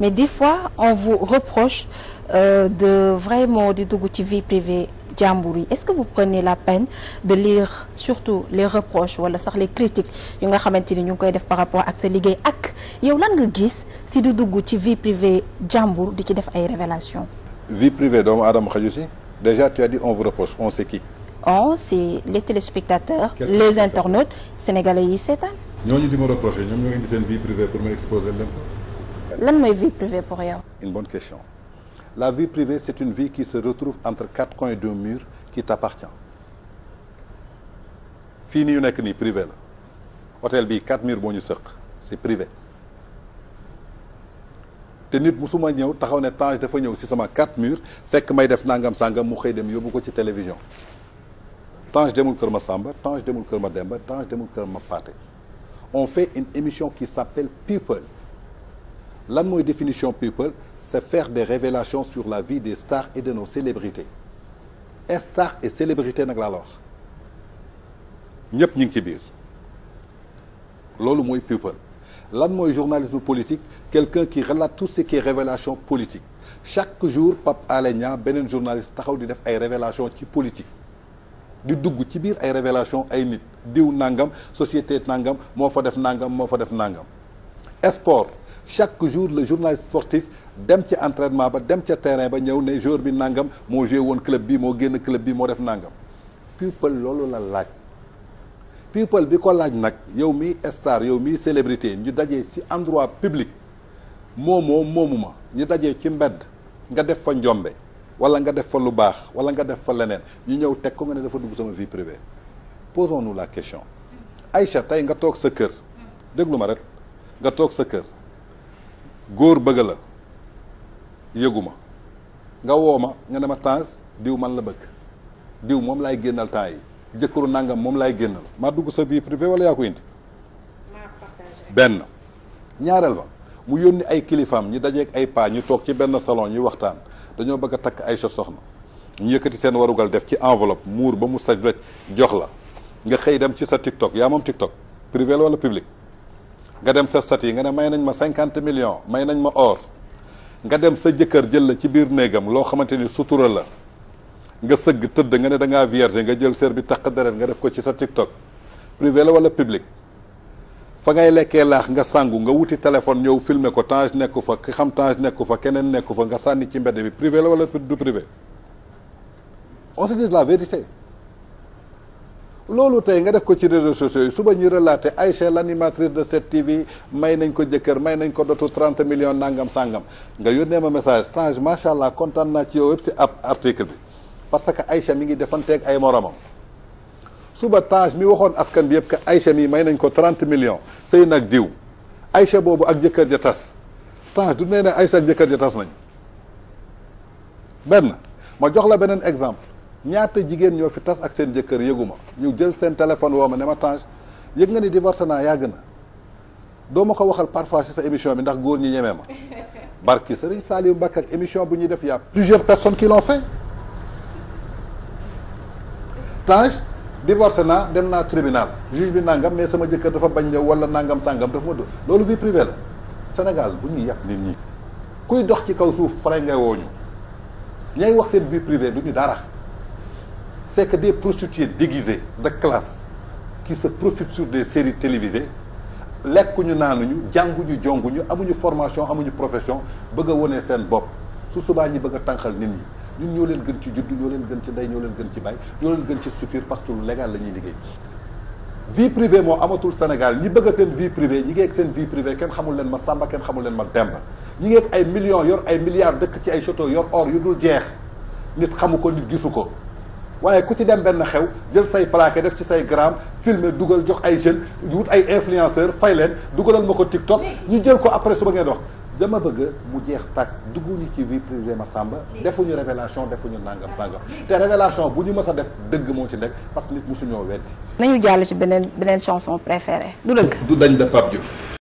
mais des fois on vous reproche euh, de vraiment di dugg ci vie privée jàmbur yi est-ce que vous prenez la peine de lire surtout les reproches wala sax les critiques yu nga xamante ni ñu ngi koy def par rapport ak sa liggéey ak yow lan nga gis si di dugg ci vie privée jàmbur di ci def ay révélation vie privée doomu aadama xaju si déjà tu as dit on vous reproche on c'est qui on c'est les téléspectateurs les internautes sénégalais yi seetaan ñooñu di ma ñoo indi seen vie privée lan mooy vie privée pour yow. une bonne question la vie privée c'est une vie qui se retrouve entre quatre coins d'un mur qui t'appartient fii nii yu nekk nii privé la hôtel bii quatre murs boo ñu sëq c'est privé te nit musuma ñëw taxaw ne Tange dafa ñëw ci sama quatre murs fekk may def nangam sangam mu xëy dem yóbbu ko ci télévision Tange demul kër ma Samba Tange demul kër ma Demba Tange demul kër ma Paate on fait une émission qui s'appelle People lan mooy définition people c'est faire des révélations sur la vie des stars et de nos célébrités et stars et célébrités nag la wax ñëpp ñu ngi ci biir loolu mooy people lan mooy journalisme politique quelqu'un qui relate tout ce qui est révélation politique chaque jour Pape Alé Niang beneen journaliste taxaw di def ay révélation ci politique di dugg ci biir ay révélation ay nit diw nangam société nangam moo fa def nangam moo fa def nangam sport chaque jour le journaliste sportif dem ci entraînement ba dem ca terrain ba ñëw ne jour bi nangam moo joué woon club bi moo génn club bi moo def nangam people loolu la laaj people bi ko laaj nag yow mi star yow mi célébrité ñu dajee ci endroit public moomoo moomuma ñu dajee ci mbedd nga def fa njombe wala nga def fa lu baax wala nga def fa leneen ñu ñëw teg ko nga ne dafa dugg sama vie privée posons la question Aïcha tey nga toog sa kër déglu ma rek nga toog sa kër góor bëgg la yëguma nga woo ma nga ne ma temps diw man la bëgg diw moom lay génnal temps yi jëkkëru nangam moom laay génnal maa dugg sa vie privée wala yaa ko indi benn ñaareel ba mu yónni ay kilifaam ñi dajeek ay paa ñu toog ci benn salon ñuy waxtaan dañoo bëgg a takk ay sa soxna ñu yëkkati seen warugal def ci enveloppe muur ba mu saj rek jox la nga xëy dem ci sa TikTok yaa moom TikTok privé la wala public nga dem sa sat yi nga ne may nañ ma cinquante millions may nañ ma or nga dem sa jëkkër jël la ci biir néegam loo xamante ni sutura la nga sëgg tëdd nga ne da ngaa vierge nga jël seer bi taq deret nga def ko ci sa TikTok privé la wala public fa ngay lekkee laax nga sangu nga wuti téléphone ñëw filmer ko Tange nekku fa ki xam Tange nekku fa keneen nekku fa nga sànni ci mbedd bi privé la wala du privé on se dit la vérité loolu tey nga def ko ci réseau sociaux yi suba ñu relaté Aïcha l'animatrice de cette TV may nañ ko jëkkër may nañ ko dotu trente millions nangam sangam nga yónnee ma message Tange macha allah kontaan naa ci yow yëpp si ab article bi parce que Aïcha mi ngi defanteeg ay moromam suba Tange mi waxoon askan bi yëpp que Aïcha mi may nañ ko trente millions sëy nag diw Aïcha boobu ak jëkkër ja tas Tange du nee ne Aïcha ak jëkkër ja tas nañ benn ma jox la beneen exemple. ñaata jigéen ñoo fi tas ak seen jëkkër yëguma ñu jël seen téléphone woo ma ne ma Tange yëg nga ni divorce naa yàgg na doo ma ko waxal parfois sa émission bi ndax góor ñi ñemee ma barki Serigne Saliou Mbacké ak émission bu ñuy def y a plusieurs personnes qui l'ont fait Tange divorce naa dem naa tribunal juge bi nangam mais sama jëkkër dafa bañ ñëw wala nàngam sàngam dafa ma dóor loolu vie privée la Sénégal bu ñu yàpp nit ñi kuy dox ci kaw suuf fare ngay wooñu ñay wax seen vie privée du ñu dara c'est que des prostituées déguisées de classe qui se profitent ñu des séries télévisées lekkuñu naanuñu jànguñu jonguñu amuñu formation amuñu profession bëgg a wone seen bopp su subaa ñi bëgg a tànqal nit ñi ñu ñoo leen gën ci juddu ñoo leen gën ci day ñoo leen gën ci bay ñoo leen gën ci suture parce que légal la ñuy liggéey vie privée moo amatul Sénégal ñi bëgg seen vie privée ñi ngi ak seen vie privée kenn xamul leen ma Samba kenn xamul leen ma Demba ñi ngi ay millions dëkk ci ay château yor or yu dul jeex nit xamu ko nit gisu ko waaye ku ci dem benn xew jël say palaake def ci say gram filmer dugal jox ay jeunes wut ay influenceur fay leen dugalal ma ko TikTok ñu jël ko après suba ngeen wax dama bëgg mu jeex tàkk dugguñu kii vie privée ma sàmba defuñu révélation defuñu nangam sàngam te révélation bu ñu mës a def dëgg moo ci nekk parce que nit musuñoo weddi nañu jàll ci beneen beneen chanson préférée du dëgg du dañ de Pape